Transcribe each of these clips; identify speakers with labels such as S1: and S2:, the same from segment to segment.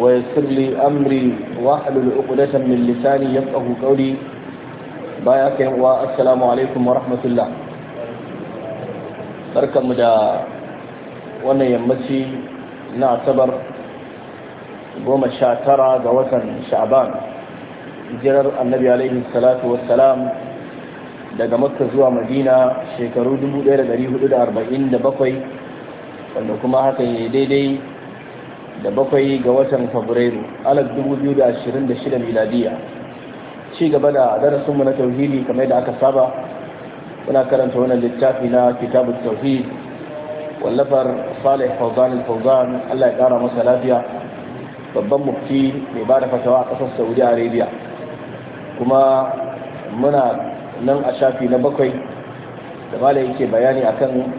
S1: ويسر لي أمري واحلل عقدة من لساني يفقه قولي باياك والسلام عليكم ورحمة الله بركة مدى وانا يمتي نعتبر goma sha tara ga watan sha'ban jirar annabi alaihi salatu daga makka zuwa madina shekaru 1447 wanda kuma hakan ya daidai da bakwai ga watan fabrairu alaf 2026 miladiya ci gaba da mu na tauhidi kamar da aka saba muna karanta wannan littafi na kitabu tauhid wallafar salih fauzan fauzan allah ya kara masa lafiya babban mufti mai ba da fatawa a ƙasar saudi arabia kuma muna nan a shafi na bakwai da malai yake bayani akan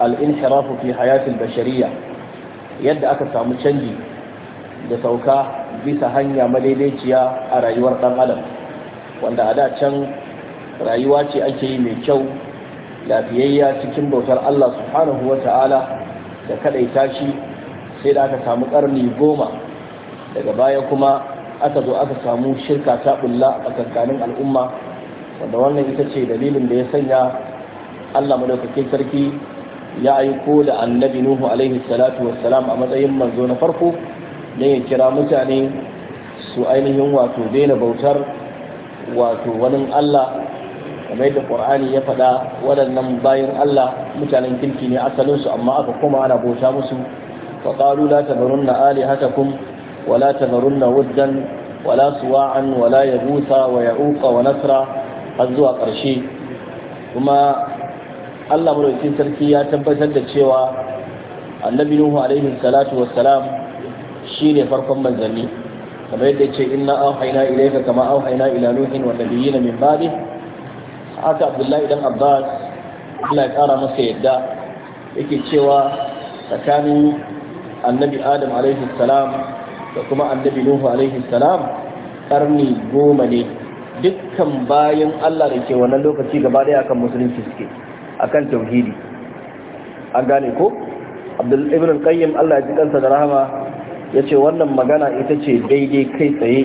S1: al-inhirafu fi hayatil bashariya yadda aka samu canji da sauka bisa hanya madaidaiciya a rayuwar ɗan adam wanda a da can rayuwa ce ake yi mai kyau lafiyayya cikin bautar Allah subhanahu wa ta'ala da kadai tashi sai da aka samu ƙarni goma daga baya kuma aka zo aka samu shirka ta bulla a tsakanin al'umma wanda wannan ita ce dalilin da ya sanya Allah madaukakin sarki ya aiko da annabi nuhu alaihi salatu wassalam a matsayin manzo na farko don ya kira mutane su ainihin wato daina bautar wato wani allah kamar yadda qur'ani ya faɗa waɗannan bayan allah mutanen kirki ne asalinsu amma aka kuma ana bauta musu wa qalu la tadharunna alihatakum wa la tadharunna wuddan wa la suwa'an wa la yaghutha wa ya'uqa wa nasra har zuwa ƙarshe kuma Allah madaukakin sarki ya tabbatar da cewa annabi Nuhu alaihi salatu wassalam shine farkon manzanni kamar yadda yace inna auhayna ilayka kama auhayna ila nuhin wa nabiyina min ba'di haka Abdullahi dan Abbas Allah ya kara masa yadda yake cewa tsakanin annabi Adam alaihi salam da kuma annabi Nuhu alaihi salam karni goma ne dukkan bayan Allah da ke wannan lokaci gaba daya akan musulunci suke akan tauhidi an gane ko abdul ibn qayyim Allah ya kansa da rahama yace wannan magana ita ce daidai kai tsaye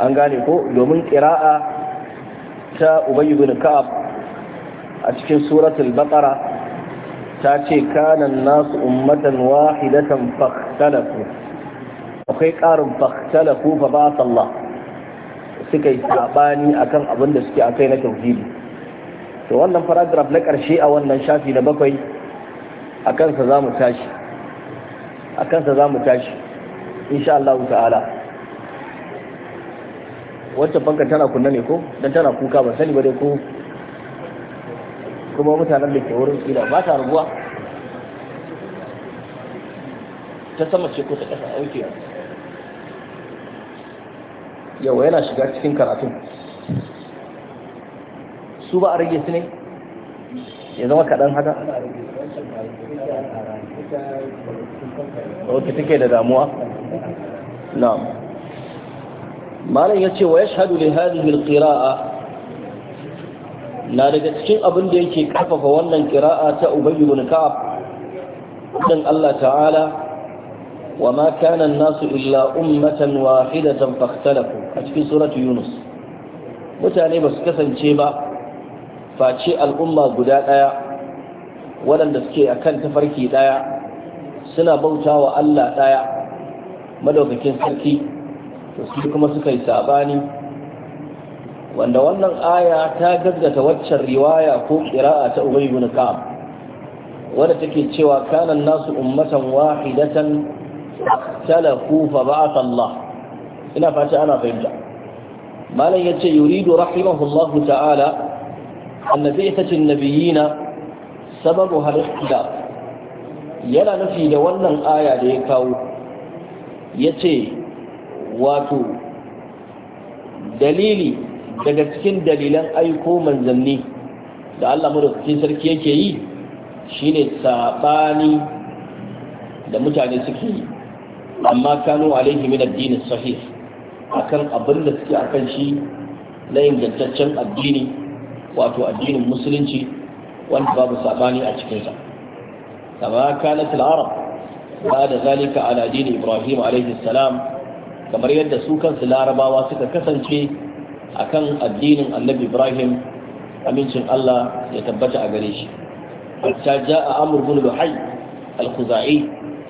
S1: an gane ko domin qira'a ta ubay bin ka'ab a cikin suratul baqara ta ce kana nasu ummatan wahidatan fakhtalafu akwai ƙarin fakhtalafu fa ba Allah suka yi sabani akan abin da suke akai na tauhidi to wannan paragraph na ƙarshe a wannan shafi na bakwai a kansa za mu tashi a kansa za mu tashi insha Allah ta'ala wacce fankar tana kunna ne ko don tana kuka Ba sani ba dai ko kuma mutanen da ke wurin tsira ba ta rubuwa ta sama ce ko ta ƙasa auke yawa yana shiga cikin karatun su ba a rage su ne ya zama kaɗan haka wata take da damuwa Na. malam ya ce wa ya shahadu da ƙira'a na daga cikin abin da yake ƙarfafa wannan ƙira'a ta ubayi bin ka'ab ɗin Allah ta'ala wa ma kana nasu illa ummatan wahidatan fakhtalafu a cikin suratu yunus mutane ba su kasance ba face al'umma guda ɗaya waɗanda suke a kan tafarki ɗaya suna bauta wa Allah ɗaya madaukakin sarki to su kuma suka yi saɓani wanda wannan aya ta gaggata waccan riwaya ko ƙira'a ta Ubay ibn Ka'ab wadda take cewa kanan nasu ummatan wahidatan talafu fa ba'atha Allah ina fata ana fahimta malam yace yuridu rahimahullahu ta'ala ita cinna النبيين سببها الاختلاف yana nufi da wannan aya da ya kawo ya ce wato dalili daga cikin dalilan aiko manzanni da allah madaukakin sarki yake yi shine saɓani da mutane suke yi amma kano alaihi min addinin sahih akan abin da suke akan shi na ingantaccen addini wato addinin musulunci wanda babu sabani a cikinsa kama kanat al-arab da zalika ala dini ibrahim alaihi salam kamar yadda su kansu larabawa suka kasance akan addinin annabi ibrahim amincin Allah ya tabbata a gare shi hatta a amr ibn al-khuzai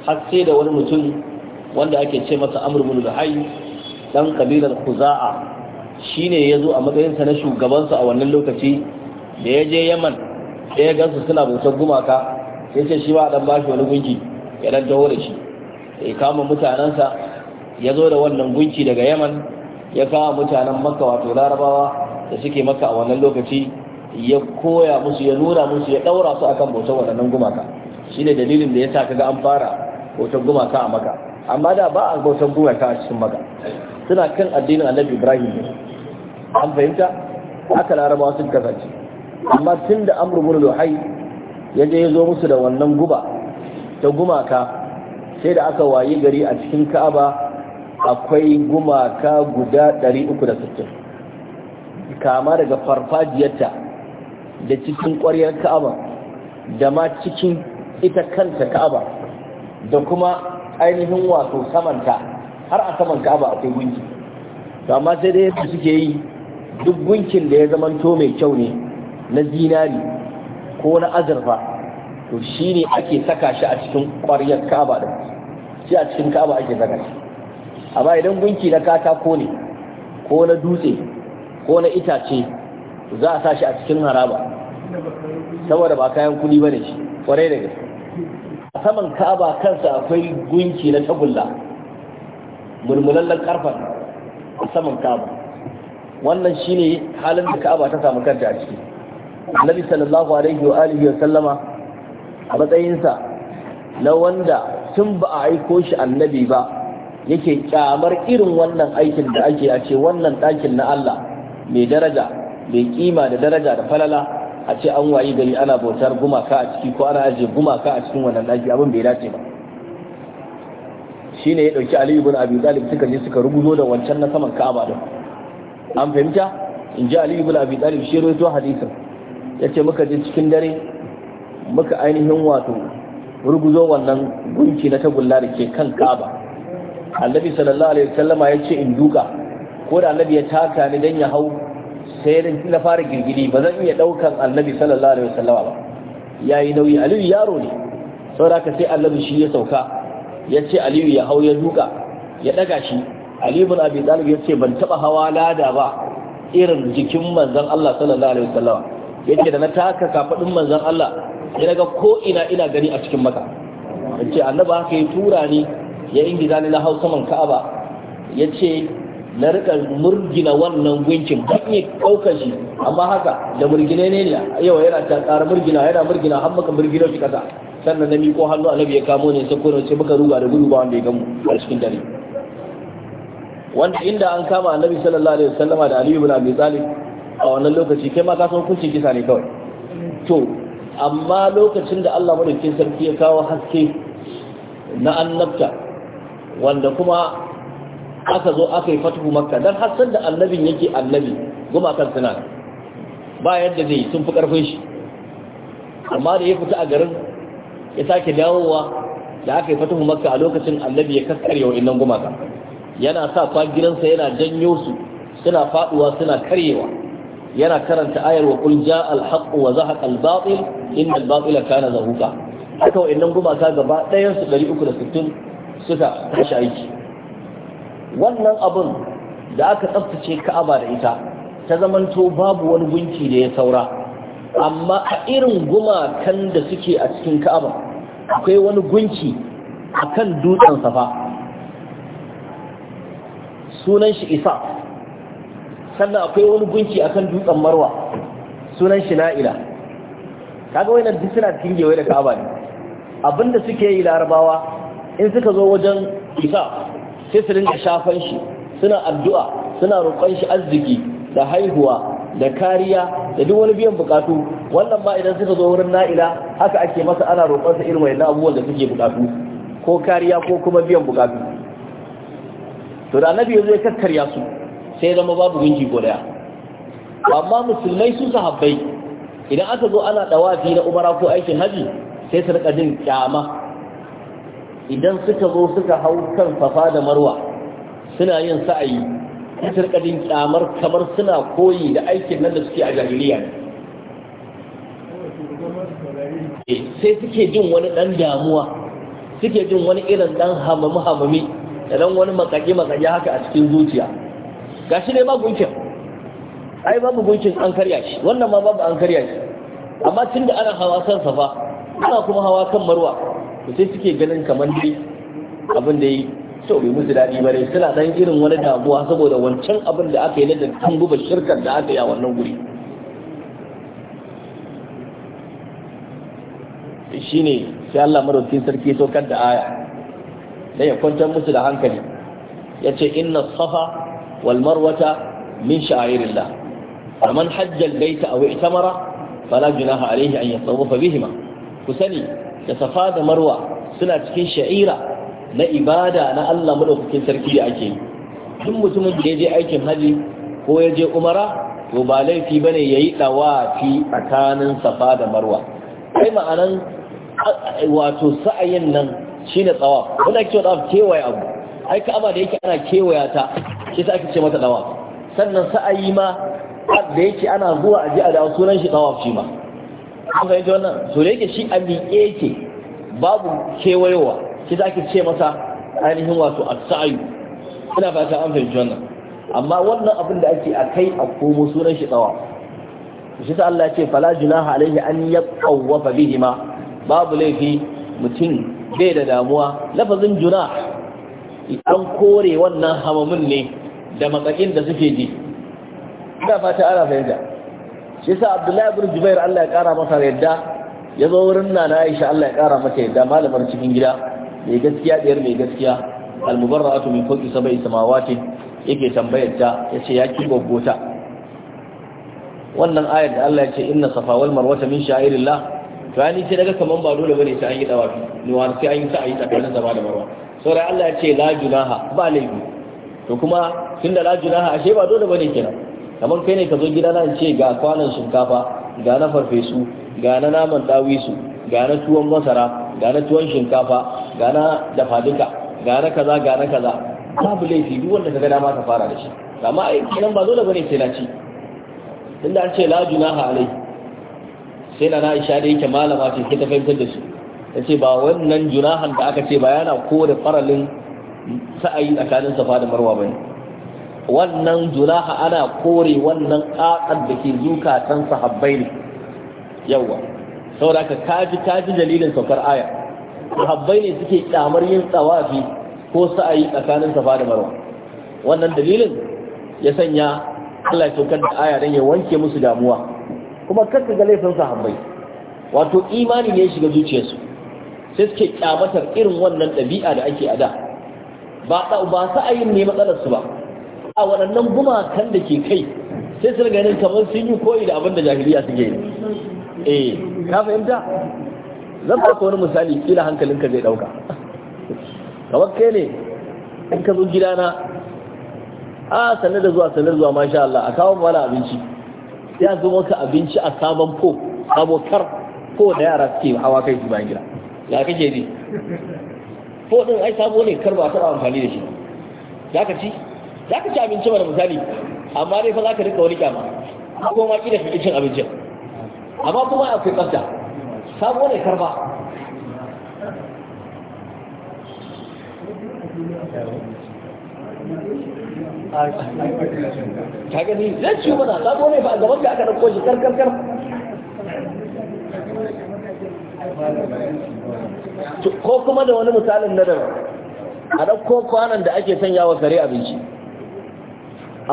S1: har sai da wani mutum wanda ake ce masa amr ibn luhay dan kabilar khuza'a Shi ne ya zo a matsayinsa na shugabansa a wannan lokaci da ya je yaman sai ya gansu suna bautar gumaka sai ce shi ba dan bashi wani gunki ya dan dawo da shi ya kama mutanensa ya zo da wannan gunki daga yaman ya kama mutanen makka wato larabawa da suke maka a wannan lokaci ya koya musu ya nuna musu ya daura su akan bautar waɗannan gumaka Shi ne dalilin da ya yasa kaga an fara bautar gumaka a maka amma da ba a bautar gumaka a cikin maka suna kan addinin annabi ibrahim ne an fahimta Aka laraba sun kasance amma tun da amru bin luhai ya je ya zo musu da wannan guba ta gumaka sai da aka wayi gari a cikin ka'aba akwai gumaka guda 360 kama daga farfajiyarta da cikin ƙwaryar ka'aba da ma cikin ita kanta ka'aba da kuma ainihin wato samanta har a saman ka'aba akwai gunki to amma sai dai yadda suke yi duk gunkin da ya to mai kyau ne na zinari ko na azurfa to shine ake saka shi a cikin ƙwaryar ka'aba da shi a cikin ka'aba ake saka shi amma idan gunki na katako ne ko na dutse ko na itace za a sa shi a cikin haraba saboda ba kayan kuɗi ba ne shi ƙwarai da gaske a saman ka'aba kansa akwai gunki na tagulla mulmulallen karfan a saman kaba wannan shine halin da kaba ta samu kanta a ciki annabi sallallahu alaihi wa alihi wa sallama a matsayinsa na wanda tun ba a aiko shi annabi ba yake kyamar irin wannan aikin da ake a ce wannan ɗakin na Allah mai daraja mai kima da daraja da falala a ce an wayi gari ana bautar gumaka a ciki ko ana ajiye gumaka a cikin wannan ɗaki abin bai dace ba shine ya dauki Ali ibn Abi Talib suka je suka ruguzo da wancan na saman Ka'aba din an fahimta in ji Ali ibn Abi Talib shi rawaito hadisin yace muka je cikin dare muka ainihin wato ruguzo wannan gunki na tagulla da ke kan Ka'aba Annabi sallallahu alaihi wasallama yace in duka ko da Annabi ya taka ni dan ya hau sai na fara girgiri ba zan iya daukan Annabi sallallahu alaihi wasallama ba yayi nauyi Aliyu yaro ne saboda ka sai Annabi shi ya sauka ya ce aliyu ya hau ya duka ya daga shi aliyu bin abi talib ya ce ban taba hawa lada ba irin jikin manzon Allah sallallahu alaihi wasallam ce da na taka kafadin manzon Allah ya daga ko ina ina gani a cikin maka ce annabi haka ya tura ni ya ingi ni na hau saman Ka'aba ya ce na rika murgina wannan gunkin ban yi daukar shi amma haka da murgine ne ne yau yana ta tsara murgina yana murgina har maka murgina shi kasa sannan na miƙo hannu annabi ya kamo ne sai kuma sai muka ruga da gudu ba wanda ya gamu a cikin dare wanda inda an kama annabi sallallahu alaihi wasallama da ali ibn abi talib a wannan lokaci kai ma ka san hukuncin kisa ne kawai to amma lokacin da Allah madaukakin sarki ya kawo haske na annabta wanda kuma aka zo aka yi fatuhu makka dan har da annabin yake annabi goma kan suna ba yadda zai sun fi karfin shi amma da ya fita a garin ya sake dawowa da aka yi fatuhu makka a lokacin annabi ya kaskare wa innan gumaka yana sa gidansa yana janyo su suna faduwa suna karyewa yana karanta ayar wa kul ja al haqq wa zahaq al batil inna al batila kana zahuqa haka wa'annan gumaka gaba ɗayan su 360 suka tashi aiki wannan abun da aka tsaftace ka'aba da ita ta zamanto babu wani gunki da ya saura amma a irin gumakan da suke a cikin ka'aba akwai wani gunki a kan dutsen safa sunan shi isa sannan akwai wani gunki a kan dutsen marwa sunan shi na'ila kaga wainan dutsen suna cikin gewa da ka'aba ne abinda suke yi larabawa in suka zo wajen isa sai su rinka shafan shi suna addu'a suna roƙon shi arziki da haihuwa da kariya da duk wani biyan bukatu wannan ma idan suka zo wurin na'ila haka ake masa ana roƙonsa irin wayannan abubuwan da suke bukatu ko kariya ko kuma biyan bukatu to da annabi yanzu ya kakkarya su sai zama babu gunji ko daya amma musulmai su sahabbai idan aka zo ana dawafi na umara ko aikin haji sai su rika jin kyama idan suka zo suka hau kan safa da marwa suna yin sa'ayi sai kadin rika kyamar kamar suna koyi da aikin nan da suke a jahiliya eh, sai suke jin wani dan damuwa suke jin wani irin dan hamamu hamami da dan wani makaki makaki haka a cikin zuciya gashi ne ba gunkin ai babu gunkin an karya shi wannan ma babu an karya shi amma tun da ana hawa san safa ana kuma hawa kan marwa sai suke ganin kamar dai abin da yi so bai musu daɗi ba ne suna ɗan irin wani damuwa saboda wancan abin da aka yi na dattin guba shirkar da aka yi a wannan guri shi ne sai Allah maraukin sarki saukar da aya da ya kwantar musu da hankali ya ce inna safa wal marwata min sha'irillah faman hajjal baita ita mara. fala junaha alayhi an yatawafa bihima ku sani da safa da marwa suna cikin sha'ira na ibada na Allah madaukakin sarki da ake duk mutumin da ya je aikin haji ko ya je umara to ba laifi bane yayi dawafi tsakanin safa da marwa kai ma'anan wato sa'ayin nan shine tsawaf wanda ake tsawaf kewaye abu ai ka'aba da yake ana kewaya ta shi sa ake ce mata tsawaf sannan sa'ayi ma da yake ana zuwa a ji a da sunan shi tsawaf shi ma ga fahimta wannan To da yake shi a miƙe yake babu kewayowa shi za ki ce masa ainihin wato a sa'ayi ina fata an fahimci wannan amma wannan abin da ake a kai a komo sunan shi tsawa shi ta Allah ce fala junaha alaihi an yaqawwafa bihima babu laifi mutum bai da damuwa lafazin juna? an kore wannan hamamin ne da matsakin da suke ji ina fata ana fahimta shi sa Abdullahi bin Jubair Allah ya kara masa yadda ya zo wurin Nana Aisha Allah ya kara mata yadda malamar cikin gida mai gaskiya ɗiyar mai gaskiya almubarra'atu min fawqi sab'i samawati yake tambayar ta yace ya ki gogota wannan ayar da Allah ya ce inna safa wal marwata min sha'irillah to ani sai daga kaman ba dole bane sai an yi dawafi ni wa sai an yi sa'i tsakanin safa da marwa saboda Allah ya ce la junaha ba laifi to kuma tunda la junaha ashe ba dole bane kenan kamar kai ne ka zo gida na ce ga kwanan shinkafa ga na farfesu ga na naman dawisu ga na tuwon masara ga na tuwon shinkafa gana dafa duka gana kaza gana kaza babu laifi duk wanda kaga dama ka fara da shi amma ai kenan ba dole bane sai na ci tunda an ce la junaha alai sai na isha da yake malama ce ke ta fahimtar da shi ce ba wannan junahan da aka ce ba yana kore faralin sa'ayi tsakanin safa da marwa bane wannan junaha ana kore wannan kakar da ke zukatan sahabbai ne yawa saboda ka kaji kaji dalilin saukar aya sahabbai ne suke kyamar yin tsawafi ko sa'ayi tsakanin safa da marwa wannan dalilin ya sanya Allah ya tokar da aya dan ya wanke musu damuwa kuma kanka ga laifin sahabbai wato imani ne ya shiga zuciyarsu sai suke kyamatar irin wannan ɗabi'a da ake ada ba ba sa'ayin ne matsalarsu ba a waɗannan gumakan da ke kai sai su ganin kamar sun yi koyi da abin da jahiliya suke yi eh ka fahimta zan baka wani misali kila hankalinka zai dauka kamar kai ne in ka zo gidana a sanar da zuwa sanar zuwa masha Allah a kawo mana abinci ya zo maka abinci a sabon ko abokar ko da yara suke hawa kai su bayan gida ya kake ji ko din ai sabo ne kar ba taɓa amfani da shi Ya ka ci Ya ka ci abinci mana misali amma dai fa za ka rika wani kyama ko ma kida ka cin abincin amma kuma akwai tsafta sabo ne karba ka gani zai ci mana sabo ne ba a gaban da aka ɗauko shi karkarkar ko kuma da wani misalin na daban a ɗauko kwanan da ake sanya wa kare abinci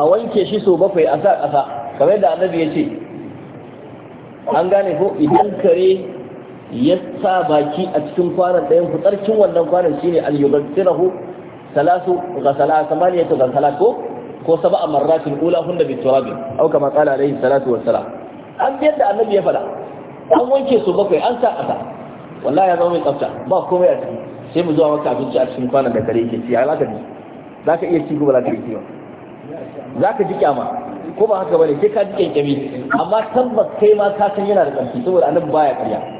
S1: a wanke shi so bakwai a sa ƙasa kamar yadda annabi ya ce an gane ko idan kare ya sa baki a cikin kwanan ɗayan ku tsarkin wannan kwanan shine al yugassirahu salasu ghasala samaniyatu ghasala ko ko sab'a marratin ula hunda bi turabin au kama qala alayhi salatu wassalam an biyar da annabi ya fada an wanke su bakwai an sa ƙasa wallahi ya zama mai tsafta ba komai a ciki sai mu zuwa maka abinci a cikin kwanan da kare yake ci ya zaka ji zaka iya ci gobe zaka iya zaka ji kyama ko ba haka bane sai ka ji kyankyami amma tabbas kai ma ka san yana da ƙarfi saboda annabi baya ƙarya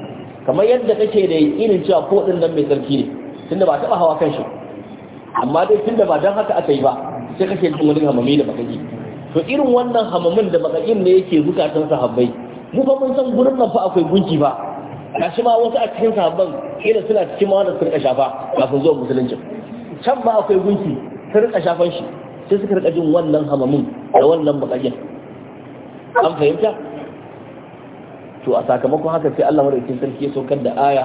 S1: kamar yadda kake da irin cewa ko din nan mai tsarki ne tunda ba taba hawa kan shi amma dai tunda ba dan haka aka yi ba sai kake jin wani hamami da baka ji to irin wannan hamamin da baka ne yake bukatun sahabbai mu fa mun san gurin nan fa akwai gunki ba shi ma wasu a cikin sahabban kila suna cikin ma wanda sun rika shafa kafin zuwa musulunci can ba akwai gunki sun rika shafan shi sai suka rika jin wannan hamamin da wannan bakakin an fahimta to a sakamakon haka sai Allah madaukakin sarki ya saukar da aya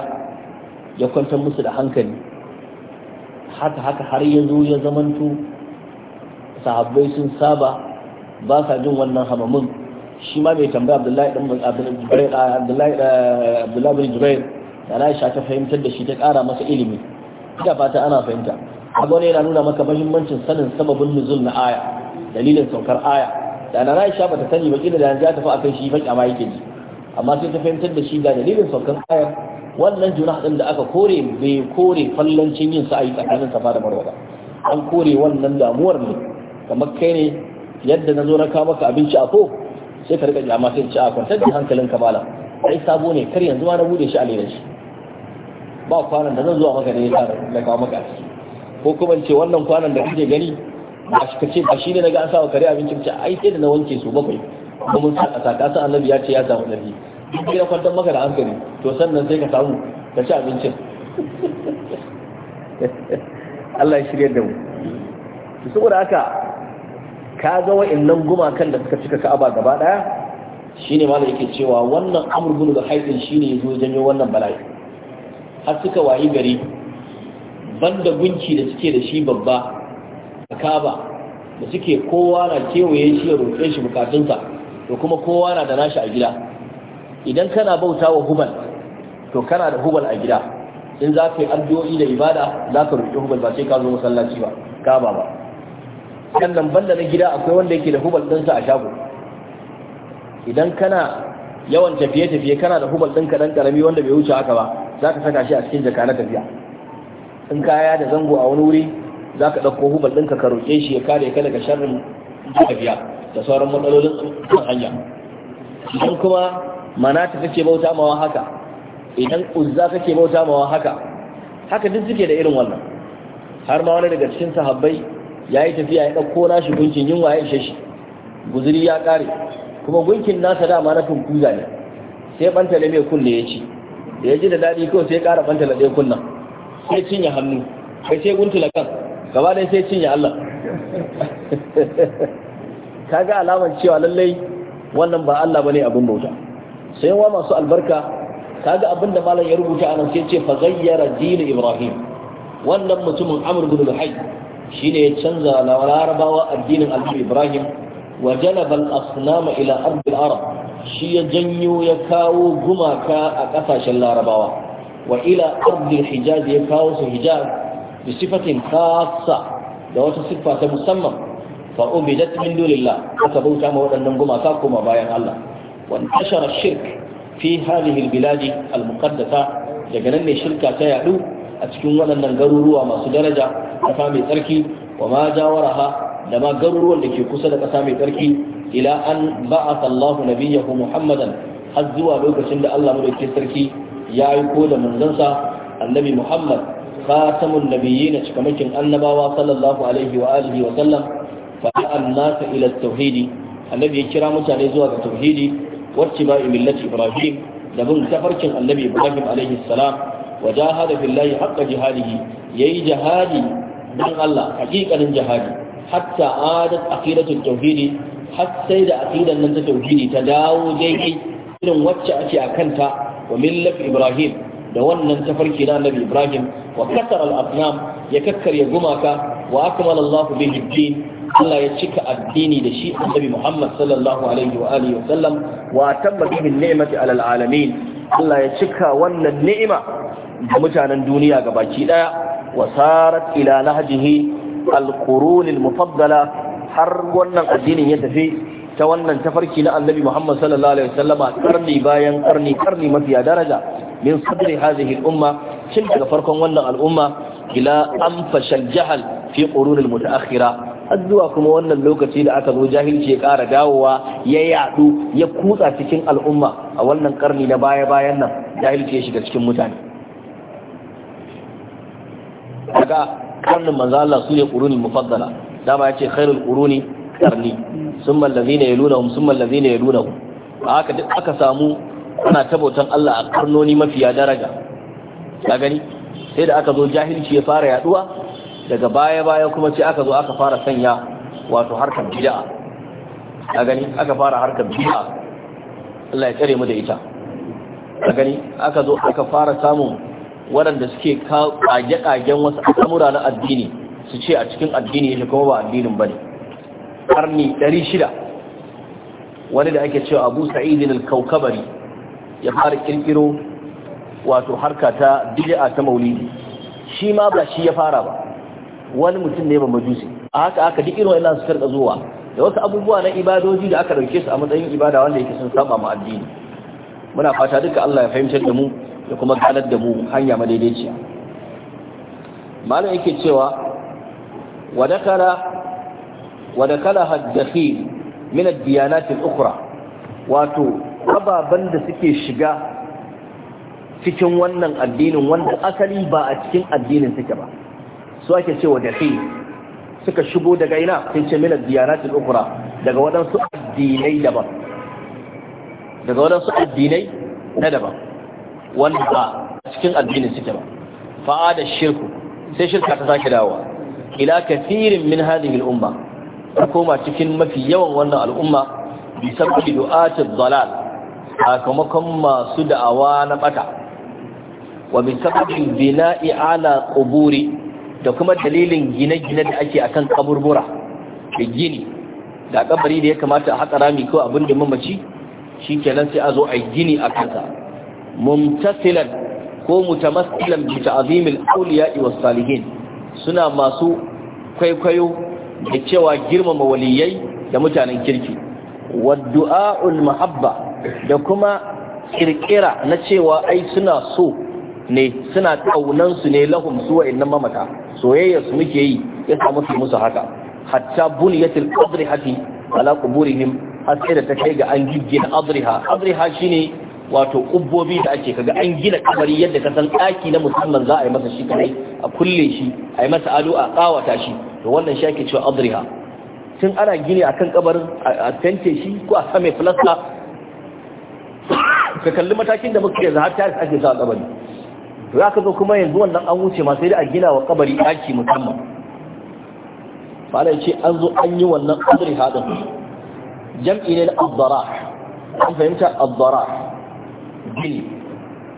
S1: ya kwantar musu da hankali haka haka har ya zo ya zamanto sahabbai sun saba ba sa jin wannan hamamun. shi ma mai tambaya Abdullahi dan Abdullahi Abdullahi bin Jubair da Aisha ta fahimtar da shi ta ƙara masa ilimi ina fata ana fahimta abu ne yana nuna maka mahimmancin sanin sababin nuzul na aya dalilin saukar aya da na Aisha bata sani ba kila da yanzu ta tafi akan shi fa kyama yake ji amma sai ta fahimtar da shi ga dalilin saukan ayar wannan juna din da aka kore bai kore fallancin yin sa'ayi tsakanin safa da marwa ba an kore wannan damuwar ne kamar kai ne yadda na zo na kawo maka abinci a ko sai ka rika jama sai ci a kwantar da hankalin ka bala ai sabo ne kar yanzu ma na bude shi a lera shi ba kwanan da zan zuwa maka ne ya na kawo maka a ko kuma ce wannan kwanan da kake gani ba shi ka ce ba shi ne na ga an sa wa kare abincin ci ai sai da na wanke su bakwai ba mun sa ƙasa san annabi ya ce ya samu nabi duk ya kwantar maka da hankali to sannan sai ka samu ka ci abincin Allah ya shirya da mu saboda haka ka ga wa'annan gumakan da suka cika ka'aba gaba daya shine malam yake cewa wannan amr bin al-haidin shine yazo janyo wannan bala'i har suka wayi gari banda gunki da suke da shi babba a ka'aba da suke kowa na kewaye shi ya roƙe shi bukatunsa to kuma kowa na da nashi a gida idan kana bauta wa hubal to kana da hubal a gida in za ka yi addu'o'i da ibada za ka roƙi hubal ba sai ka zo masallaci ba kaba ba sannan banda na gida akwai wanda yake da hubal ɗinsa a shago idan kana yawan tafiye-tafiye kana da hubal ɗinka ɗan ƙarami wanda bai wuce haka ba za ka saka shi a cikin jaka na tafiya in kaya da zango a wani wuri za ka ɗauko hubal ɗinka ka roƙe shi ya kare ka daga sharrin tafiya da sauran matsalolin kan hanya idan kuma manata kake bauta mawa haka idan uzza kake bauta mawa haka haka duk suke da irin wannan har ma wani daga cikin sahabbai ya yi tafiya ya ɗauko nashi gunkin yunwa ya ishe shi guzuri ya ƙare kuma gunkin nasa dama na kuza ne sai ɓantale mai kunne ya ci da ya ji da daɗi kawai sai ƙara ɓantale ɗaya kunna sai cinye hannu kai sai guntula kan gaba ɗaya sai cinye allah kaga alamar cewa lallai wannan ba Allah ne abin bauta sai wa masu albarka Ka abin abinda malam ya rubuta anan sai ce fagayyara dini ibrahim wannan mutumin amr bin luhay shine ya canza larabawa addinin annabi ibrahim wa janaba asnama ila ardil arab shi ya janyo ya kawo gumaka a kasashen larabawa wa ila ardil hijaz ya kawo su hijaz bi sifatin khassa da wata siffa ta musamman fa ubidat min dunillah aka bauta ma waɗannan gumaka kuma bayan Allah wa tashara shirk fi hadhihi albilad almuqaddasa daga nan ne shirka ta yadu a cikin waɗannan garuruwa masu daraja ƙasa mai tsarki wa ma jawaraha da ma garuruwan da ke kusa da ƙasa mai tsarki ila an ba'atha Allahu nabiyahu Muhammadan har zuwa lokacin da Allah madaukakin sarki ya yi ko da manzansa annabi Muhammad khatamun na cikamakin annabawa sallallahu alaihi wa alihi wa sallam fa'an nasa ila tauhidi annabi ya kira mutane zuwa ga tauhidi wacce ba millati ibrahim da bin tafarkin annabi ibrahim alaihi salam wa jahada billahi haqqa jihadihi yayi jihadi dan Allah hakikanin jihadi hatta adat aqidatul tauhidi har sai da aqidan nan ta tauhidi ta dawo daidai irin wacce ake akanta wa millat ibrahim da wannan tafarki na annabi ibrahim wa kasar al-asnam ya kakkarya gumaka wa akmala Allah bihi din Allah ya cika addini da shi annabi Muhammad sallallahu alaihi wa alihi wa sallam wa tamma bihi ni'mati alal alamin Allah ya cika wannan ni'ima ga mutanen duniya gabaki daya wa sarat ila nahjihi al-qurun har wannan addinin ya tafi ta wannan tafarki na annabi Muhammad sallallahu alaihi wasallama karni bayan karni karni mafiya daraja min sadri hadhihi al-umma shin daga farkon wannan al'umma ila anfashal jahal fi qurunil mutaakhira har zuwa kuma wannan lokaci da aka zo jahilci ya ƙara dawowa ya yaɗu, ya kutsa cikin al'umma a wannan ƙarni na baya bayan nan jahilci ya shiga cikin mutane daga karnin manzo Allah su ne qurunil mufaddala dama yace khairul quruni karni summa allazina yalunahum summa allazina yalunahum haka duk aka samu ana tabbatar Allah a karnoni mafiya daraja ka gani sai da aka zo jahilci ya fara yaduwa daga baya-baya kuma ce aka zo aka fara sanya wato harkar bid'a a gani aka fara harkar bid'a Allah ya tsare mu da ita a gani aka zo aka fara samun waɗanda suke kage-kagen wasu al'amura na addini su ce a cikin addini yake kuma ba addinin ne. karni 600 wani da ake cewa Abu Sa'id al-Kaukabari ya fara ƙirƙiro wato harka ta bid'a ta maulidi shi ma ba shi ya fara ba wani mutum ne ba majusi a haka aka duk irin wannan su karka zuwa da wasu abubuwa na ibadoji da aka dauke su a matsayin ibada wanda yake sun saba mu addini muna fata duka Allah ya fahimtar da mu da kuma ganar da mu hanya madaidaiciya malam yake cewa wa dakala wa dakala min ad-diyanat wato ababan da suke shiga cikin wannan addinin wanda asali ba a cikin addinin suke ba su ake cewa dafi suka shigo daga ina sun ce mina diyanatul ukra daga waɗansu addinai daban daga waɗansu addinai na daban wanda ba cikin addinin suke ba Fa'a da shirku sai shirka ta sake dawowa ila kafirin min hadhihi al-umma ta koma cikin mafi yawan wannan al'umma bi sabbi du'atid dalal sakamakon masu da'awa na bata wa bi sabbi bina'i ala quburi da kuma dalilin gine-gine da ake kan kaburbura da gini da kabari da ya kamata a haƙa rami ko abin da mamaci shi kenan sai a zo a gini a kansa mumtasilan ko mutamasilan bi ta'zimil awliya wa salihin suna masu kwaikwayo da cewa girmama waliyai da mutanen kirki wa du'a'ul mahabba da kuma kirkira na cewa ai suna so ne suna kaunan su ne lahum su wa'annan mamata soyayya su muke yi ya samu su musu haka hatta buniyatil adrihati ala quburihim har sai da ta kai ga an giggina adriha adriha shine wato kubbobi da ake kaga an gina kabari yadda ka san daki na musamman za a yi masa shi kai a kulle shi a yi masa ado a kawata shi to wannan shi ake cewa adriha tun ana gini akan kabarin a tante shi ko a same filasta ka kalli matakin da muke yanzu har ta ake sa kabari to ya ka kuma yanzu wannan an wuce ma sai da a gina wa kabari ɗaki musamman fara ce an zo an yi wannan adri haɗin jam'i ne na abdara an fahimta abdara gini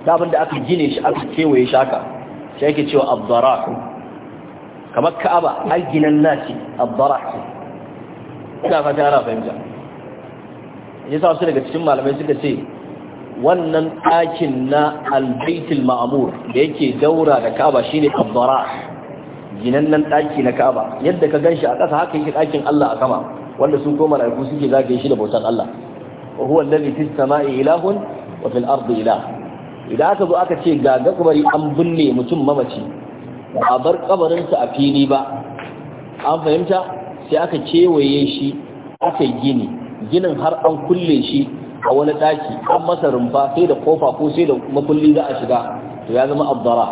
S1: ta abin da aka gine shi aka kewaye shaka shi ake cewa abdara kamar ka'aba an ginan naci abdara ina fata yana fahimta yasa wasu daga cikin malamai suka ce wannan ɗakin na albaitul ma'amur da yake daura da shi shine abdara Ginannan ɗaki na ka'aba yadda ka ganshi a ƙasa haka yake ɗakin Allah a kama. wanda sun koma mala'iku suke zagaye shi da bautan Allah wa huwa allazi sama'i ilahun wa fil ardi ilah idan aka zo aka ce ga gakbari an binne mutum mamaci ba bar kabarinsa a fili ba an fahimta sai aka kewaye shi aka gini ginin har an kulle shi a wani daki an masa rumfa sai da kofa ko sai da makulli za a shiga to ya zama abdara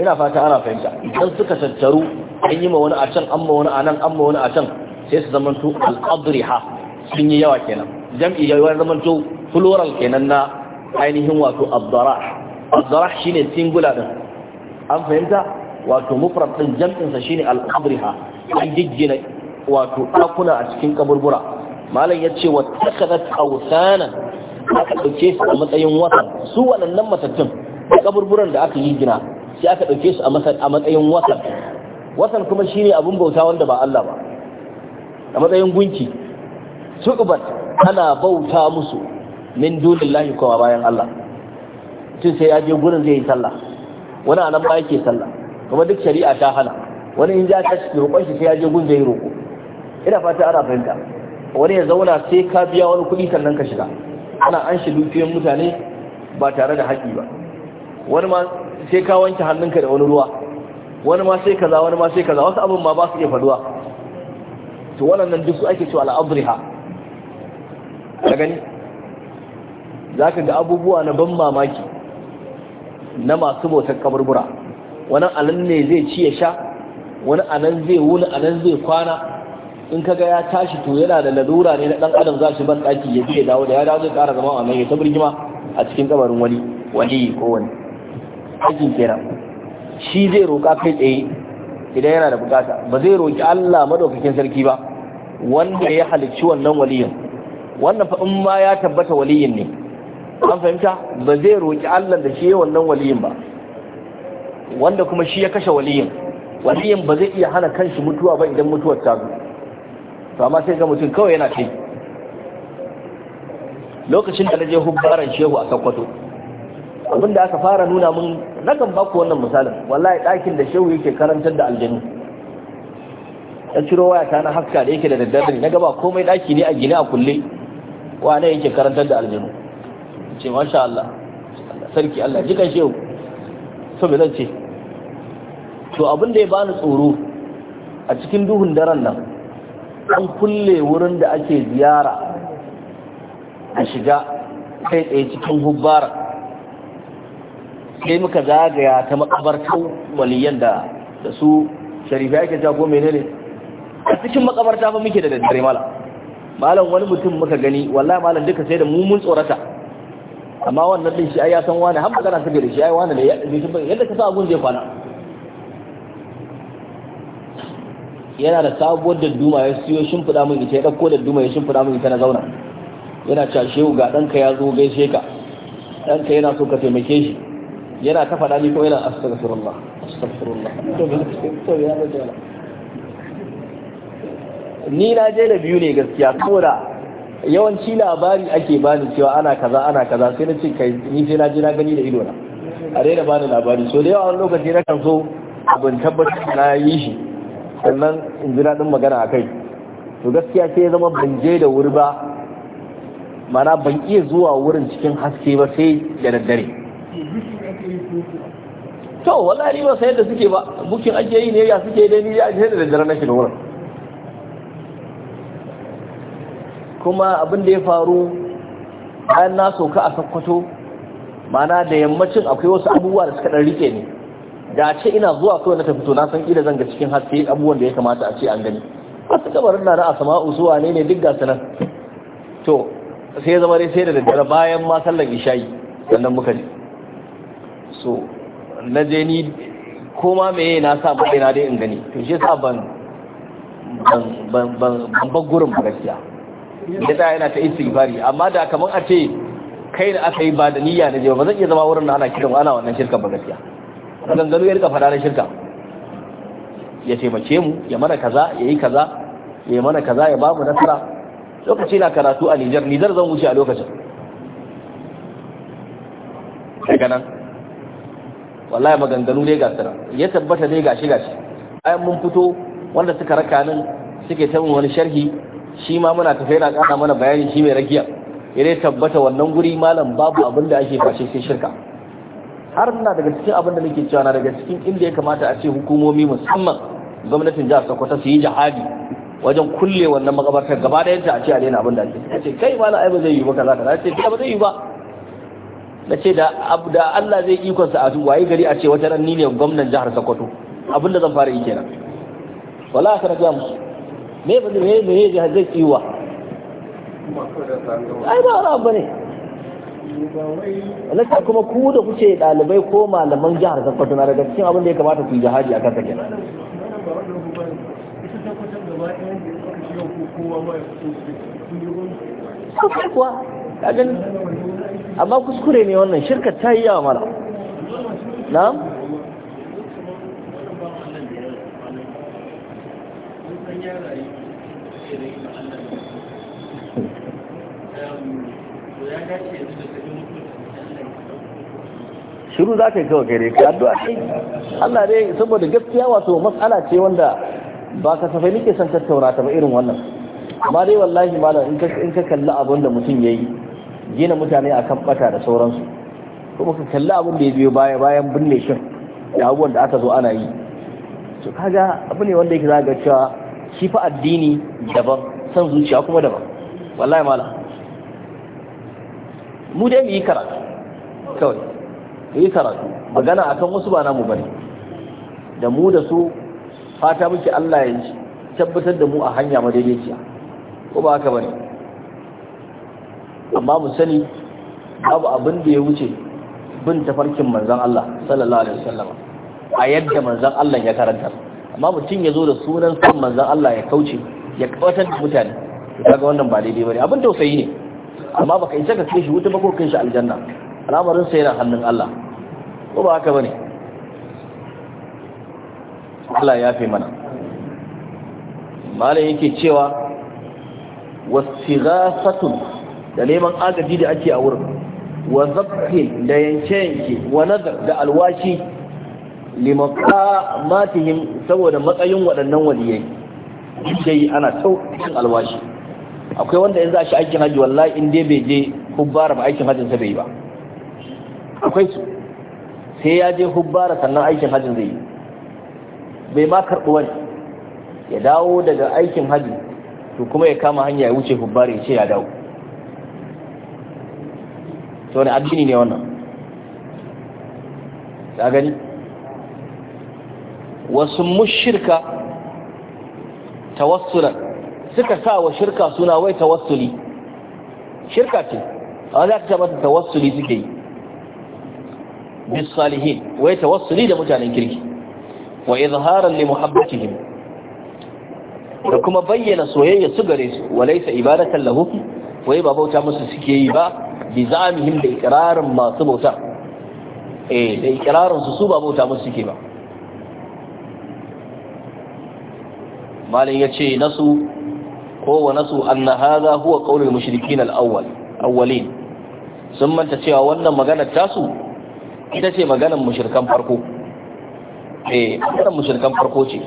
S1: ina fata ana fahimta idan suka tattaru an yi ma wani a can an ma wani a nan an ma wani a can sai su zamanto al'adriha sun yi yawa kenan jam'i ya wani zamanto plural kenan na ainihin wato abdara abdara shine singular din an fahimta wato mufrad din jam'in sa shine al'adriha an giggina wato dakuna a cikin kaburbura malam ya ce wata kada autana aka ɗauke su a matsayin watan su waɗannan matattun da kaburburan da aka yi gina sai aka ɗauke su a matsayin watan watan kuma shine abin bauta wanda ba Allah ba a matsayin gunki su'ubat ana bauta musu min lahi kuma bayan Allah tun sai ya je gurin zai yi sallah wani nan ba yake sallah kuma duk shari'a ta hana wani in ja ta shi roƙon shi sai ya je gun zai roƙo ina fata ana fahimta wani ya zauna sai ka biya wani kuɗi sannan ka shiga ana an shi dukiyar mutane ba tare da haƙi ba wani ma sai ka wanke hannunka da wani ruwa wani ma sai kaza wani ma sai kaza wasu abin ma ba su iya faduwa to waɗannan duk su ake cewa al'abriha ka gani za ka ga abubuwa na ban mamaki na masu bautar kaburbura wani anan ne zai ci ya sha wani anan zai wuni anan zai kwana in kaga ya tashi to yana da lalura ne na dan adam za shi ban daki ya je dawo da ya dawo zai kara zama a nan ya tabar a cikin kabarin wani wani ko wani aikin kenan shi zai roƙa kai tsaye idan yana da bukata ba zai roƙi Allah madaukakin sarki ba wanda ya halicci wannan waliyin wannan fa in ma ya tabbata waliyin ne an fahimta ba zai roƙi Allah da shi wannan waliyin ba wanda kuma shi ya kashe waliyin waliyin ba zai iya hana kanshi mutuwa ba idan mutuwar ta zo to amma sai ga mutum kawai yana kai lokacin da na je hubbaran shehu a sakkwato abinda aka fara nuna mun nakan baku wannan misalin wallahi ɗakin da shehu yake karantar da aljanu ya ciro waya ta na haska da yake da daddare na gaba komai ɗaki ne a gine a kulle wane yake karantar da aljanu ce masha Allah sarki Allah jikan shehu so me zan ce to abin da ya bani tsoro a cikin duhun daren nan an kulle wurin da ake ziyara a shiga kai tsaye cikin hubbara sai muka zagaya ta makabartar waliyan da da su sharifa yake jago menene a cikin makabarta fa muke da daddare mala malam wani mutum muka gani wallahi malam duka sai da mu mun tsorata amma wannan din shi ai ya san wani har magana take da shi ai wani ne yadda ka sa abun zai kwana yana da sabuwar dadduma ya siyo shimfiɗa mun ita ya ɗauko dadduma ya shimfiɗa mun ita na zauna yana cewa shehu ga ɗanka ya zo gaishe ka ɗanka yana so ka taimake shi yana ta faɗa ni ko yana astaghfirullah astaghfirullah ni na je da biyu ne gaskiya saboda yawanci labari ake bani cewa ana kaza ana kaza sai na ce kai ni sai na je na gani da ido na a daina bani labari so da yawa wani lokaci na kan so abin tabbatar na yi shi sannan in ji daɗin magana a kai to gaskiya sai ya zama ban je da wuri ba mana ban iya zuwa wurin cikin haske ba sai da daddare to wallahi ba sai da suke ba bukin ake yi ne ya suke da ni ya je da daddare na shiga wurin kuma abin da ya faru bayan na soka a sakkwato mana da yammacin akwai wasu abubuwa da suka ɗan rike ne da ce ina zuwa kawai na tafi to na san kila zan ga cikin haske abubuwan da ya kamata a ce an gani wasu kabarin na na asama'u zuwa ne ne duk ga sanar to sai zama dai sai da daddare bayan ma sallar isha'i sannan muka ne so na je ni ko ma meye na sa ba na dai in gani to shi sa ban ban ban ban gurin ba gaskiya da ta yana ta istighfari amma da kamar a ce kai da aka yi ba da niyya na je ba zan iya zama wurin da ana kiran ana wannan shirka ba gaskiya maganganu ya rika fada na shirka ya taimake mu ya mana kaza ya yi kaza ya mana kaza ya babu nasara lokaci na karatu a Nijar Nijar zan wuce a lokacin daga nan wallahi maganganu ne ga sira ya tabbata ne gashi gashi bayan mun fito wanda suka raka nan suke ta wani sharhi shi ma muna tafiya na kara mana bayani shi mai rakiya ya tabbata wannan guri malam babu abin da ake fashe sai shirka har na daga cikin abin da nake cewa na daga cikin inda ya kamata a ce hukumomi musamman gwamnatin jihar Sokoto su yi jihadi wajen kulle wannan makabartar gaba da yanta a ce a daina abin da ake ce kai ma na ai ba zai yi ba kaza kaza ce ba zai yi ba na ce da da Allah zai ikon sa a waye gari a ce wata ran ni ne gwamnan jihar Sokoto abin da zan fara yi kenan wala ka ga mu me ba me me zai wa ai ba wani abu ne lakka kuma ku da kuce ɗalibai ko malaman jihar Sokoto na daga cikin abin da ya kamata su jihadi a kansa kenan sosai kuwa gani? amma kuskure ne wannan shirka ta yi yawa mala na'am ya dace shiru za ka yi kawai gare ka addu'a ce Allah dai saboda gaskiya wato matsala ce wanda ba ka safai nake son tattauna ta ba irin wannan amma dai wallahi ma in ka in ka kalli abin da mutum yayi gina mutane akan bata da sauransu kuma ka kalli abin da ya biyo baya bayan binne shin da abubuwan da aka zo ana yi to kaga abu ne wanda yake ga cewa shi fa addini daban san zuciya kuma daban wallahi malam mu dai mu yi karatu kawai yi karatu magana akan wasu ba namu bane da mu da su fata muke Allah ya tabbatar da mu a hanya madaidaiciya ko ba haka bane amma mu sani babu abin da ya wuce bin tafarkin manzon Allah sallallahu alaihi wasallam a yadda manzon Allah ya karanta amma mutum ya zo da sunan san manzon Allah ya kauce ya kawatar da mutane kaga wannan ba daidai bane abin tausayi ne amma baka isa ka kai shi wuta ba ko kai shi aljanna al'amarin sai yana hannun Allah ko ba haka bane Allah ya fi mana malai yake cewa wastighathatun da neman agaji da ake a wurin wa zabbi da yanke yanke wa nazar da alwashi matihim saboda matsayin waɗannan waliyai sai ana tau alwashi akwai wanda yanzu a shi aikin haji wallahi in dai bai je kubbara ba aikin hajjin sa bai ba akwai su sai ya je hubbara sannan aikin hajji zai yi bai ma karɓi wani ya dawo daga aikin hajji to kuma ya kama hanya ya wuce hubbara ya ce ya dawo to wani addini ne wannan ta gani wasu mushirka tawassulan suka sa wa shirka suna wai tawassuli shirka ce a za ka ce mata tawassuli suke yi bis salihin wa yatawassuli da mutanen kirki wa izharan li muhabbatihim da kuma bayyana soyayya su gare su wa laysa ibadatan lahu wai ba bauta musu suke yi ba bi zamihim da ikrarin masu bauta eh da ikrarin su su ba bauta musu suke ba malin yace nasu ko wa nasu anna hadha huwa qaulul mushrikin al-awwal awwalin sun manta cewa wannan maganar tasu ita ce maganar mushirkan farko eh maganan mushirkan farko ce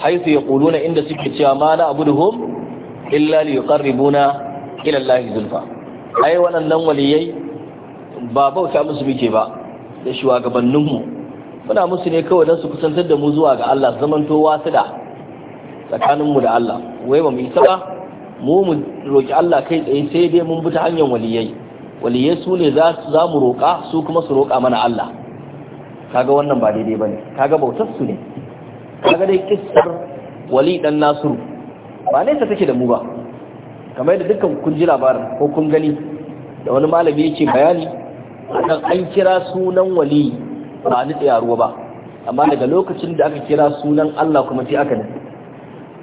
S1: haythu yaquluna inda suke cewa ma na abuduhum illa liqarribuna ila allahi zulfa ai nan waliyai ba bauta musu muke ba da mu muna musu ne kawai dan su kusantar da mu zuwa ga Allah zamanto wasida tsakaninmu da Allah wai ba mu ta ba mu mu roki Allah kai tsaye sai dai mun bi ta hanyar waliyai waliye su ne za mu roƙa su kuma su roƙa mana Allah kaga wannan ba daidai bane kaga bautar su ne kaga dai kissar wali dan nasiru ba nesa take da mu ba kamar da dukkan kun ji labarin ko kun gani da wani malami yake bayani akan an kira sunan wali ba ni da yaruwa ba amma daga lokacin da aka kira sunan Allah kuma sai aka nufi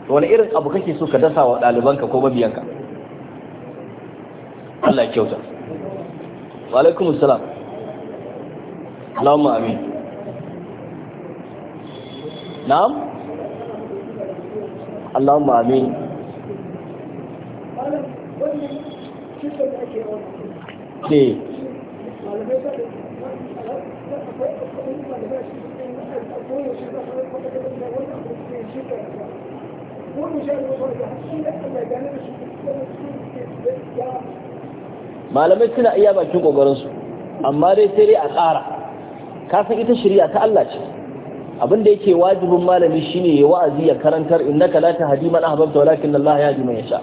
S1: wani irin abu kake so ka dasa wa ɗalibanka ko mabiyanka Allah ya kyauta wa alaikum assalam amin na'am Allahumma amin ke malamai suna iya bakin su amma dai sai dai a ƙara kasan ita shari'a ta Allah ce abin da yake wajibin malami shine ya wa'azi ya karantar innaka la tahdi man ahbabta walakin Allah ya hadi man yasha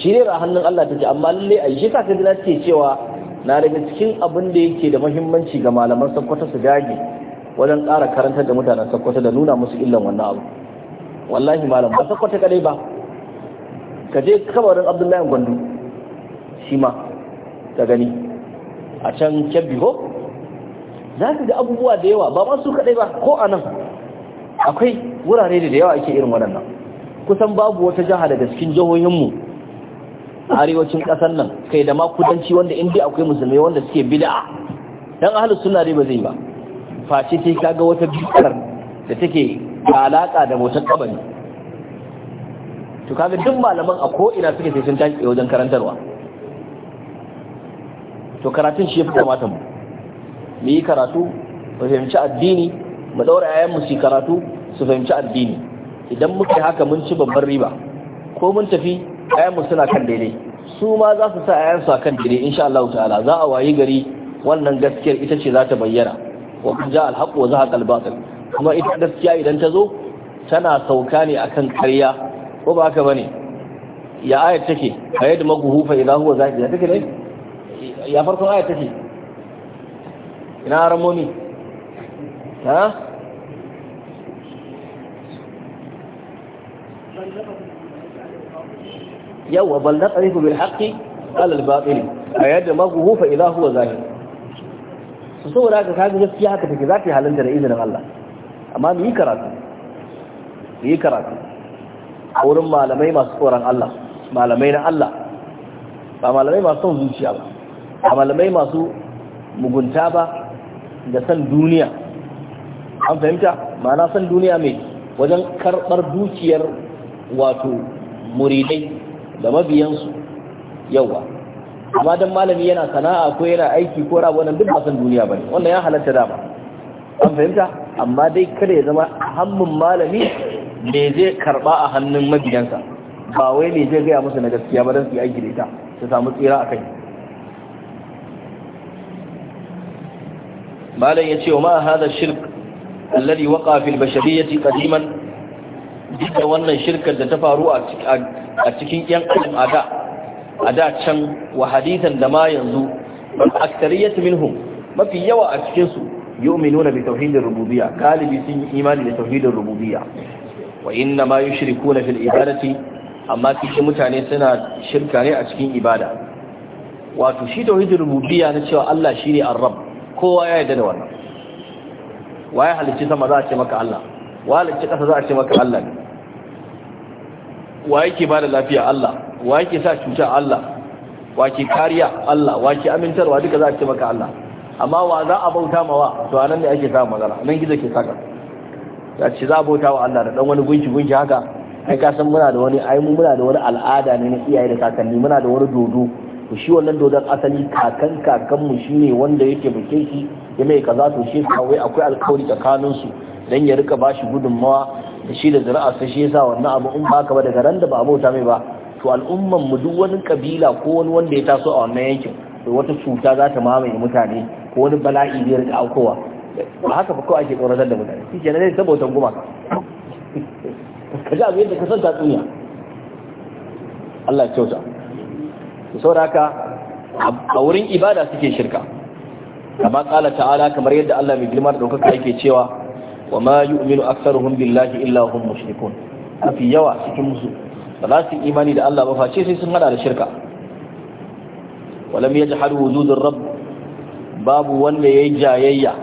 S1: shi ne hannun Allah take amma lalle a shi kaka na ce cewa na daga cikin abin da yake da muhimmanci ga malaman sakkwata su dage wajen ƙara karantar da mutanen sakkwata da nuna musu illan wannan abu wallahi malam ba sakkwata kadai ba ka je kabarin Abdullahi Gwandu shi ma ka gani a can kyabbi ko za ka ga abubuwa da yawa ba masu kaɗai ba ko a nan akwai wurare da yawa ake irin waɗannan kusan babu wata jiha daga cikin jihohinmu a arewacin ƙasar nan kai da ma kudanci wanda inda akwai musulmai wanda suke bida'a don ahlus suna dai ba zai ba face yi kaga wata bid'ar da take alaƙa da motar kabari to kaga malaman a ko'ina suke sai sun tashi wajen karantarwa to karatun shi ya fi kamata mu mu yi karatu mu fahimci addini mu ɗaura 'ya'yan mu su karatu su fahimci addini idan muka yi haka mun ci babban riba ko mun tafi 'ya'yan mu suna kan daidai su ma za su sa 'ya'yan su kan daidai insha Allah ta'ala za a wayi gari wannan gaskiyar ita ce za ta bayyana wa kun ja alhaq wa zahaq albatil kuma ita gaskiya idan ta zo tana sauka ne akan ƙarya ko ba haka bane ya ayat take ayyad maghufa fa huwa zahid take ne ya farkon aya take ina ramomi ha yawa bal naqrifu bil haqqi ala al batil ayadmahu fa idha huwa zahir su saboda haka kaga gaskiya haka take za ta halanta da izinin Allah amma mu yi karatu mu yi karatu a wurin malamai masu tsoron Allah malamai na Allah ba malamai masu son zuciya ba a malamai masu mugunta ba da san duniya an fahimta ma'ana san duniya mai wajen karɓar dukiyar wato muridai da mabiyansu yauwa amma don malami yana sana'a ko yana aiki ko rabu wannan duk san duniya ba ne wannan ya halatta dama an fahimta amma dai kada ya zama hannun malami me zai karɓa a hannun mabiyansa ba wai ne zai gaya musu na gaskiya ba don su yi aiki da ita su samu tsira a kai malam ya ce wa ma hada shirk alladhi waqa fil bashariyyati qadiman duk wannan shirkar da ta faru a cikin yan adam a da a da can wa hadithan da ma yanzu bal aktariyatu minhum mafi yawa a cikin su yu'minuna bi tauhidir rububiyya galibi sun yi imani da tauhidir rububiyya wa inna ma yushrikuna fil ibadati amma cikin mutane suna shirka ne a cikin ibada wato shi tauhidir rububiyya na cewa Allah shine ar-rabb kowa ya yarda da wannan waye halicci sama za a ce maka Allah waye halicci ƙasa za a ce maka Allah ne waye ke bada lafiya Allah waye ke sa cuta Allah waye ke kariya Allah waye ke amintarwa duka za a ce maka Allah amma wa za a bauta mawa to anan ne ake samun matsala nan gizo ke saka ya ce za a bauta wa Allah da dan wani gunki gunki haka ai ka san muna da wani ai mun muna da wani al'ada ne na iyaye da kakanni muna da wani dodo to shi wannan dodon asali kakan kakan mu shine wanda yake bikin shi ya mai kaza to shi kawai akwai alkawari tsakanin su dan ya rika bashi gudunmawa da shi da zuri'a sai shi yasa wannan abu in ba ka ba daga ran da ba abota mai ba to al'umman mu duk wani kabila ko wani wanda ya taso a wannan yankin to wata cuta za ta mamaye mutane ko wani bala'i zai rika aukowa ba haka ba kawai ake tsoratar da mutane shi kenan zai saboda gumaka ka ji abu yadda ka san tatsuniya Allah ya kyauta saboda haka a wurin ibada suke shirka kama kala ta'ala kamar yadda Allah mai girma da ɗaukaka yake cewa wa ma yu'minu aktsaruhum billahi illa hum mushrikun mafi yawa cikin musu ba za su imani da Allah ba face sai sun hada da shirka walam yajhadu wujudur rabb babu wanda yayi jayayya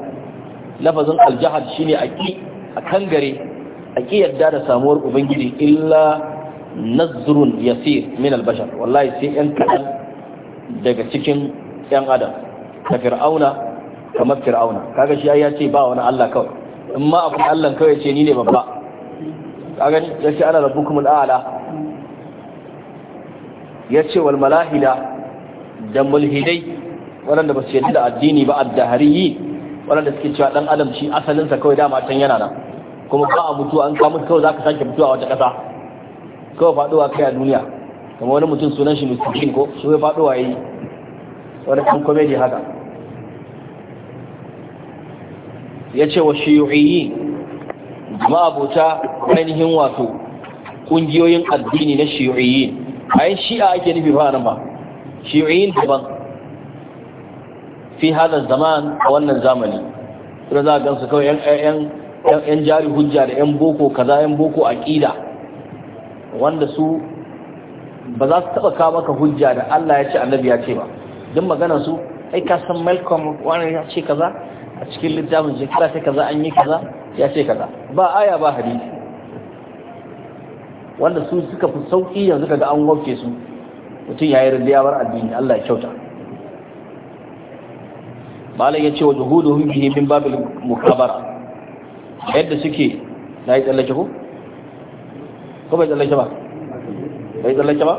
S1: lafazin aljahad shine aki akan gare aki yadda da samuwar ubangiji illa nazrun yasir min albashar wallahi sai yan kaɗan daga cikin yan adam ka fir'auna kamar fir'auna kaga shi ya ce ba wani Allah kawai in ma akwai Allah kawai ce ni ne babba kaga ya ce ana rabu rabbukum ala, ya ce wal malahida da mulhidai waɗanda ba su yadda da addini ba addahariyi waɗanda suke cewa dan adam shi asalinsa kawai dama can yana nan kuma ba a mutuwa an kamun kawai za ka sake mutuwa wata ƙasa kawai faduwa kai a duniya kuma wani mutum sunan shi miskin ko shi ya faduwa yi wani kan komedi haka ya ce wa shiyu'iyi bauta ainihin wato ƙungiyoyin addini na yi a yin shi'a ake nufi ba nan ba shiyu'iyin daban fi hada zaman a wannan zamani suna za a gansu kawai 'yan jari hujja da 'yan boko kaza 'yan boko aƙida wanda su ba za su taba kawo maka hujja da Allah ya ce annabi ya ce ba duk maganar su ai ka san Malcolm wani ya ce kaza a cikin littafin jikira sai kaza an yi kaza ya ce kaza ba aya ba hadisi wanda su suka fi sauki yanzu kaga an wafce su mutum ya yi rindiya bar addini Allah ya kyauta malam ya ce wa juhuduhum bihi min babil mukabara yadda suke na yi tsallake ko ko bai tsallake ba bai tsallake ba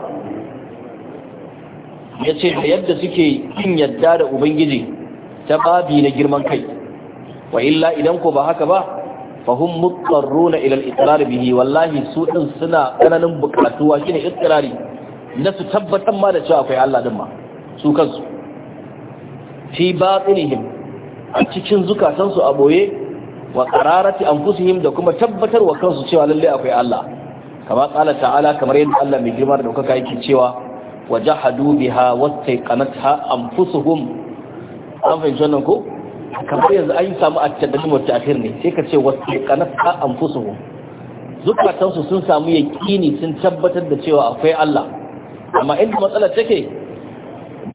S1: ya ce da yadda suke yin yadda da ubangiji ta babi na girman kai wa illa idan ko ba haka ba fahim mutsarruna ilal iqrar bihi wallahi su ɗin suna kananin bukatuwa shine iqrari na su tabbatar ma da cewa akwai Allah din ma su kansu fi batinihim a cikin zukatansu a boye wa qararati anfusihim da kuma tabbatar wa kansu cewa lallai akwai Allah kama qala ta'ala kamar yadda Allah mai girma da daukaka yake cewa wajahadu biha wastaqanatha anfusuhum an fahimci wannan ko kamar yanzu an yi samu a tattabi mutu akhir ne sai ka ce wastaqanatha anfusuhum zukatansu sun samu yaqini sun tabbatar da cewa akwai Allah amma inda matsalar take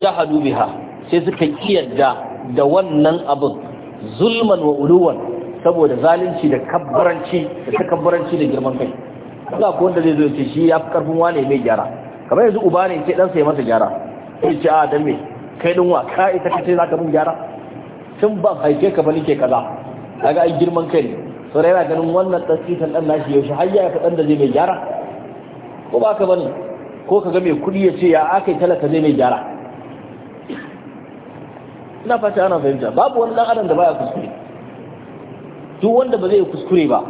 S1: jahadu biha sai suka kiyarda da wannan abin zulman wa uluwan saboda zalunci da kabbaranci da takabbaranci da girman kai ba ko wanda zai zo ce shi ya fi karfin wane mai gyara kamar yanzu uba ne sai ɗansa ya masa gyara sai ce a dan me kai ɗin wa ka ita ka ce za ka min gyara tun ban haife ka ba ke kaza kaga ai girman kai ne saboda yana ganin wannan tsasitan ɗan nashi yaushe har ya ɗan da zai mai gyara ko ba ka bane ko ka ga mai kuɗi ya ce ya akai talaka zai mai gyara ina fata ana fahimta babu wani dan adam da baya kuskure duk wanda ba zai kuskure ba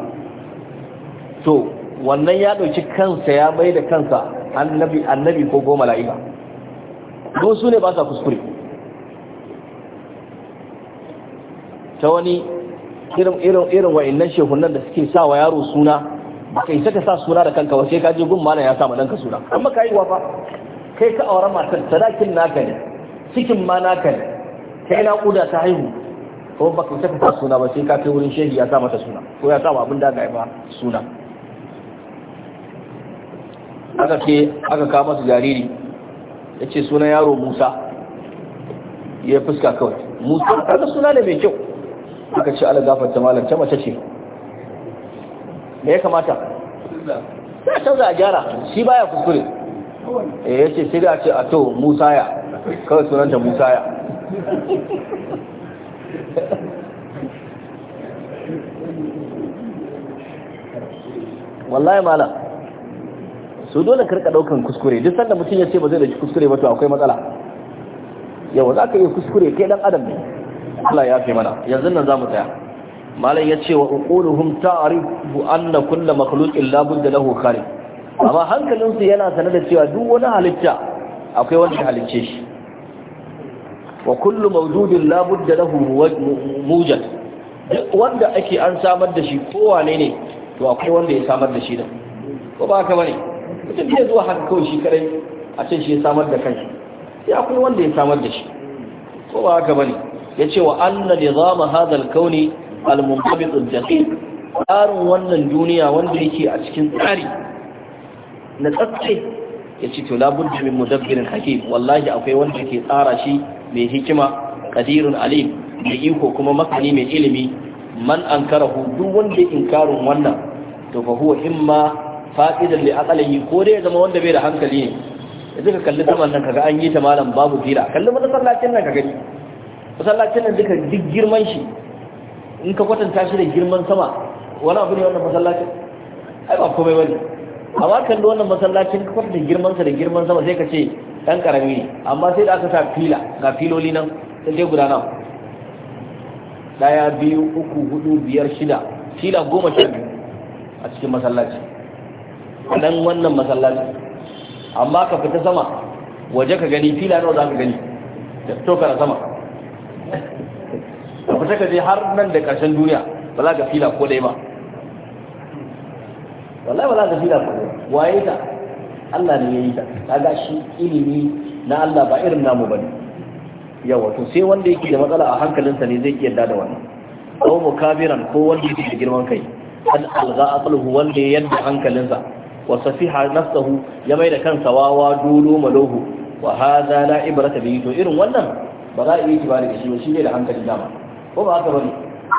S1: to wannan ya ɗauki kansa ya bai da kansa annabi ko goma la'ima don su ne ba sa kuskure ta wani irin irin shehunan da suke sa wa yaro suna ba kai saka sa suna da kanka ba sai kaji gun malam ya sa ma danka suna amma ka yi wafa kai ka aure matar sadakin naka ne cikin ma naka ne kai yi naƙuda ta haihu ko ba yi saka sa suna ba sai ka kai wurin shehi ya sa mata suna ko ya sa abin da ga ba suna aka ce aka kama su jariri ya ce suna yaro musa ya fuska kawai musa kaga suna da mai kyau aka ce ala gafarta malam ta mace ce me ya kamata ya canza a gyara shi baya kuskure eh, ya ce sai da ce a to Musa ya. kawai sunanta ya. wallahi malam so dole ka rika daukan kuskure duk sanda mutum ya ce ba zai dauki kuskure ba to akwai matsala yawa za ka yi kuskure kai dan adam ne Allah ya fi mana yanzu nan za mu tsaya malam ya ce wa uquluhum ta'rifu anna kullu makhluqin la budda lahu khaliq amma hankalin su yana sanar da cewa duk wani halitta akwai wanda halicce shi wa kullu mawjudin la budda lahu mujad duk wanda ake an samar da shi kowane ne to akwai wanda ya samar da shi da ko ba haka bane mutum iya zuwa haka kawai shi kadai a ce shi ya samar da kanshi ya akwai wanda ya samar da shi ko ba haka bane ce wa anna nizama zama al kauni al-muntabit al tsarin wannan duniya wanda yake a cikin tsari na tsatse ya ce to labudda min mudabbirin hakim wallahi akwai wanda ke tsara shi mai hikima qadirun alim mai iko kuma masani mai ilimi man ankarahu duk wanda inkarin wannan to fa huwa imma faqidan li aqlihi ko dai zama wanda bai da hankali ne yanzu ka kalli zaman nan kaga an yi ta malam babu fira kalli masallacin nan kaga masallacin nan duka duk girman shi in ka kwatanta shi da girman sama wani abu ne wannan masallacin ai ba komai bane amma kalli wannan masallacin ka kwatanta girman sa da girman sama sai ka ce dan karami ne amma sai da aka sa fila ga filoli nan sai dai guda nawa daya biyu uku hudu biyar shida fila goma sha biyu a cikin masallacin. nan wannan masallaci, amma ka fita sama waje ka gani fila nawa za ka gani da tokara sama ka fita ka je har nan da ƙarshen duniya ba za ka fila ko dai ba wallahi ba za ka fila ko dai waye ta Allah ne ya yi ta ga shi ilimi na Allah ba irin namu bane yawa to sai wanda yake da matsala a hankalinsa ne zai iya da wannan ko mukabiran ko wanda yake da girman kai an alga aqluhu wanda yadda hankalinsa wa safiha nafsahu ya mai da kansa wawa dolo malohu wa hadha la ibrata bihi to irin wannan ba za a yi tibari da shi ba shi ne da hankali dama ko ba haka bane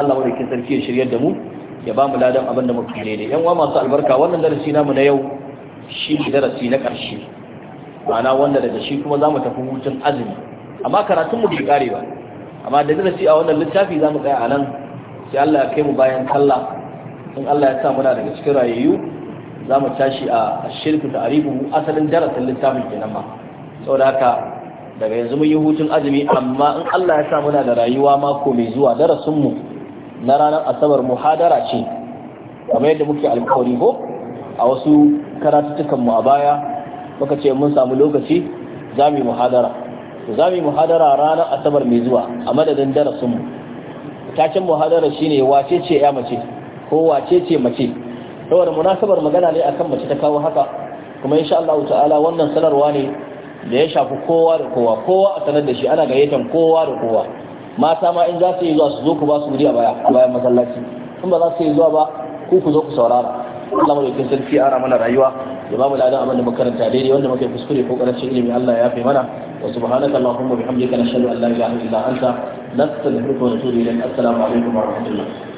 S1: Allah wani kin sarki ya shiryar da mu ya ba mu ladan abin da muke ne da yan wa masu albarka wannan darasi namu na yau shi ne darasi na ƙarshe ma'ana wanda daga shi kuma za mu tafi hutun azumi amma karatun mu bai kare ba amma da darasi a wannan littafi za mu tsaya a nan sai Allah ya kai mu bayan kalla. in Allah ya sa muna daga cikin rayayyu za mu tashi a shirku da aribu asalin darasin littafin kenan ma da haka daga yanzu mun yi hutun azumi amma in Allah ya sa muna da rayuwa mako mai zuwa darasin mu na ranar asabar muhadara ce kamar yadda muke alkawari ko a wasu karatuttukan mu a baya muka ce mun samu lokaci za mu yi muhadara to za mu yi muhadara ranar asabar mai zuwa a madadin darasin mu taken muhadara shine wace ya mace ko wace mace saboda munasabar magana ne akan mace ta kawo haka kuma insha Allah ta'ala wannan sanarwa ne da ya shafi kowa da kowa kowa a sanar da shi ana gayyatar kowa da kowa mata ma in za su yi zuwa su zo ku ba su wuri a baya bayan masallaci in ba za su yi zuwa ba ku ku zo ku saurara Allah mai kin sarki ara mana rayuwa ya ba mu ladan abin da makaranta daidai wanda muke kuskure ko karancin ilimi Allah ya yafe mana wa subhanaka allahumma bihamdika nashhadu an la ilaha illa anta nastaghfiruka wa natubu ilayk assalamu alaikum wa rahmatullah